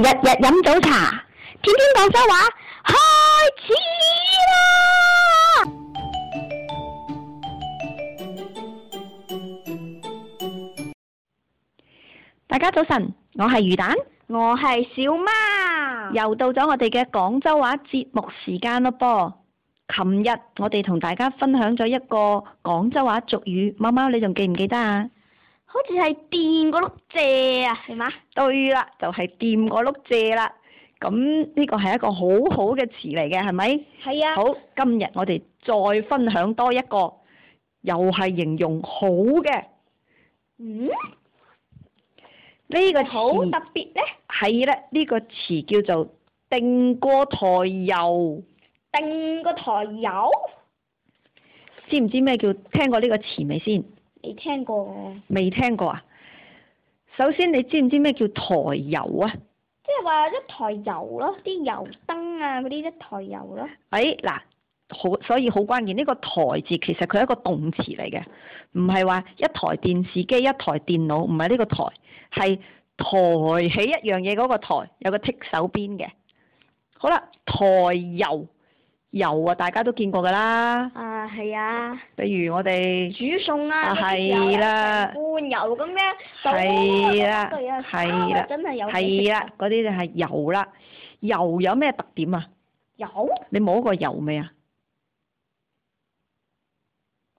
日日飲早茶，天天廣州話，開始啦！大家早晨，我係魚蛋，我係小貓。又到咗我哋嘅廣州話節目時間囉噃！琴日我哋同大家分享咗一個廣州話俗語，貓貓你仲記唔記得啊？好似係掂嗰碌蔗啊，係嘛？對啦，就係掂嗰碌蔗啦。咁呢個係一個好好嘅詞嚟嘅，係咪？係啊。好，今日我哋再分享多一個，又係形容好嘅。嗯？呢個詞呢、呢個詞好特別咧。係啦，呢個詞叫做定過抬油。定過抬油？知唔知咩叫聽過呢個詞未先？未聽過喎，未聽過啊！首先你知唔知咩叫抬油啊？即係話一台油咯，啲油燈啊嗰啲一台油咯。哎嗱，好，所以好關鍵呢個台字其實佢係一個動詞嚟嘅，唔係話一台電視機、一台電腦，唔係呢個台，係抬起一樣嘢嗰個抬，有個剔手邊嘅。好啦，抬油。油啊，大家都見過㗎啦。啊，係啊。比如我哋煮餸啊，半油咁樣。係啦，係啦，真係有。係啦，嗰啲就係油啦。油有咩特點啊？油？你摸過油未啊？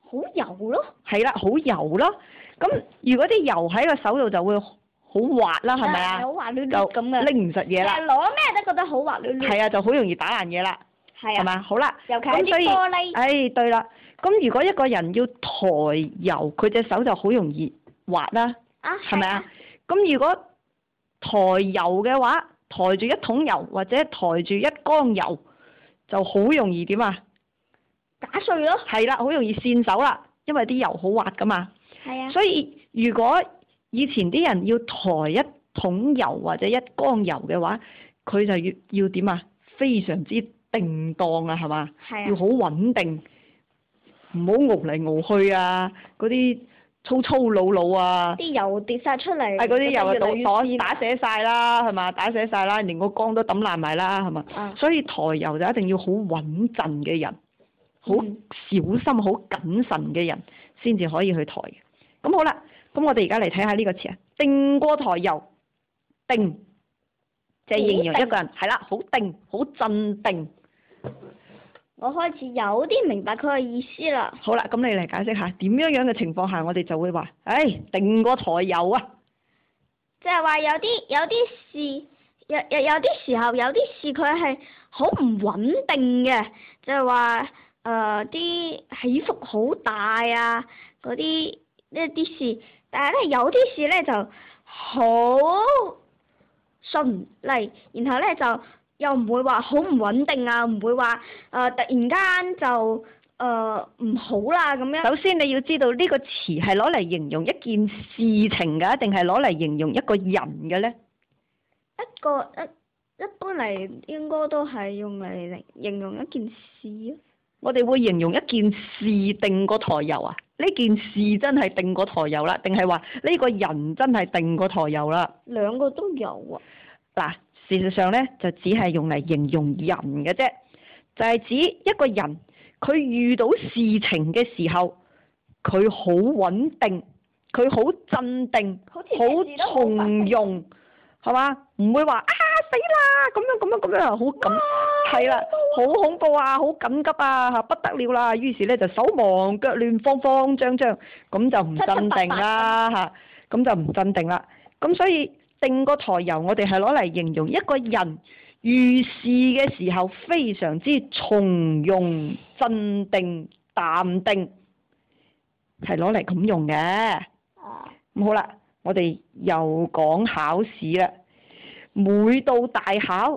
好油咯。係啦，好油咯。咁如果啲油喺個手度就會好滑啦，係咪啊？好滑溜溜咁嘅。拎唔實嘢啦。攞咩都覺得好滑溜溜。係啊，就好容易打爛嘢啦。係嘛？好啦，尤其係玻璃。咁所以，誒、哎、對啦。咁如果一個人要抬油，佢隻手就好容易滑啦，係咪啊？咁吧、啊、如果抬油嘅話，抬住一桶油或者抬住一缸油，就好容易點啊？打碎咯。係啦，好容易跣手啦，因為啲油好滑噶嘛。係啊。所以如果以前啲人要抬一桶油或者一缸油嘅話，佢就要要點啊？非常之。定當啊，係嘛？是啊、要好穩定，唔好傲嚟傲去啊！嗰啲粗粗魯魯啊，啲油跌晒出嚟，係啲油嘅倒倒打瀉晒啦，係嘛？打瀉晒啦，連個缸都抌爛埋啦，係嘛？啊、所以抬油就一定要好穩陣嘅人，好小心、好、嗯、謹慎嘅人先至可以去抬。咁、嗯、好啦，咁我哋而家嚟睇下呢個詞啊，定過抬油，定，即係形容一個人係啦，好定、好鎮定。我開始有啲明白佢嘅意思啦。好啦，咁你嚟解釋下點樣樣嘅情況下，我哋就會話，唉、哎，定過抬油啊！即係話有啲有啲事，有有有啲時候有啲事佢係好唔穩定嘅，就係話誒啲起伏好大啊！嗰啲一啲事，但係咧有啲事咧就好順利，然後咧就，又唔會話好唔穩定啊，唔會話，誒、呃，突然間就，誒、呃，唔好啦咁樣。首先你要知道呢、這個詞係攞嚟形容一件事情噶，定係攞嚟形容一個人嘅咧？一個一，一般嚟應該都係用嚟形容一件事。我哋會形容一件事定過抬油啊？呢件事真係定過抬油啦，定係話呢個人真係定過抬油啦？兩個都有啊。嗱。事實上咧，就只係用嚟形容人嘅啫，就係指一個人佢遇到事情嘅時候，佢好穩定，佢好鎮定，好從容，係嘛？唔會話啊死啦！咁樣咁樣咁樣好緊係啦，好恐怖啊，好緊急啊，嚇不得了啦！於是咧就手忙腳亂，慌慌張張，咁就唔鎮定啦，嚇咁就唔鎮定啦，咁所以。定過抬油，我哋係攞嚟形容一個人遇事嘅時候非常之從容、鎮定、淡定，係攞嚟咁用嘅。咁、啊、好啦，我哋又講考試啦。每到大考，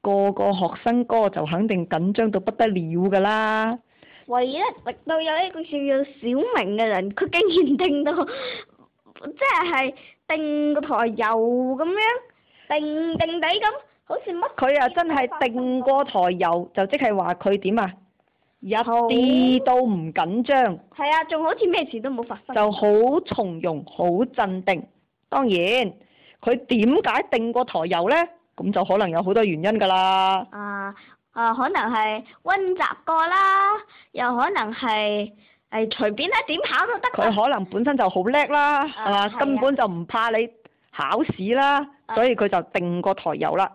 個個學生哥就肯定緊張到不得了噶啦。唯一直到有一個叫做小明嘅人，佢竟然聽到，即係。定個抬油咁樣，定定地咁，好似乜？佢又真係定過抬油，就即係話佢點啊？一啲都唔緊張。係啊，仲好似咩事都冇發生。就好從容，好鎮定。當然，佢點解定過抬油咧？咁就可能有好多原因噶啦。啊啊，可能係溫習過啦，又可能係。誒，隨便啦，啊，點考都得，啊。佢可能本身就好叻啦，係嘛，啊，啊，根本就唔怕你考試啦，啊，所以佢就定過抬油啦。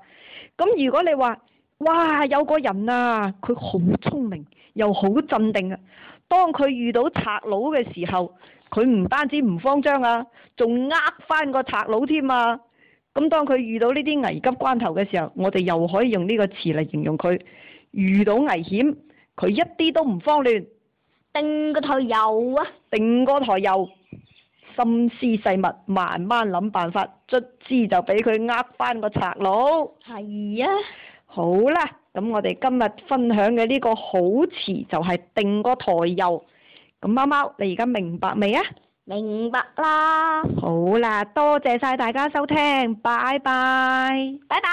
咁如果你話，哇，有個人啊，佢好聰明，又好鎮定啊。當佢遇到賊佬嘅時候，佢唔單止唔慌張啊，仲呃翻個賊佬添啊。咁當佢遇到呢啲危急關頭嘅時候，我哋又可以用呢個詞嚟形容佢。遇到危險，佢一啲都唔慌亂。定個抬油啊！定個抬油，心思細密，慢慢諗辦法，卒之就俾佢呃翻個賊佬。係啊！好啦，咁我哋今日分享嘅呢個好詞就係定個抬油，咁貓貓你而家明白未啊？明白啦！好啦，多謝晒大家收聽，拜拜！拜拜！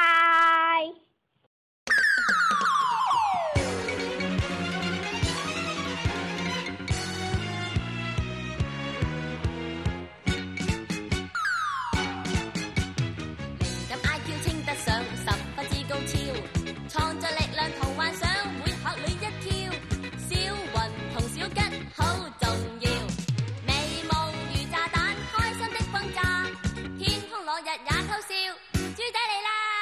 豬仔嚟啦！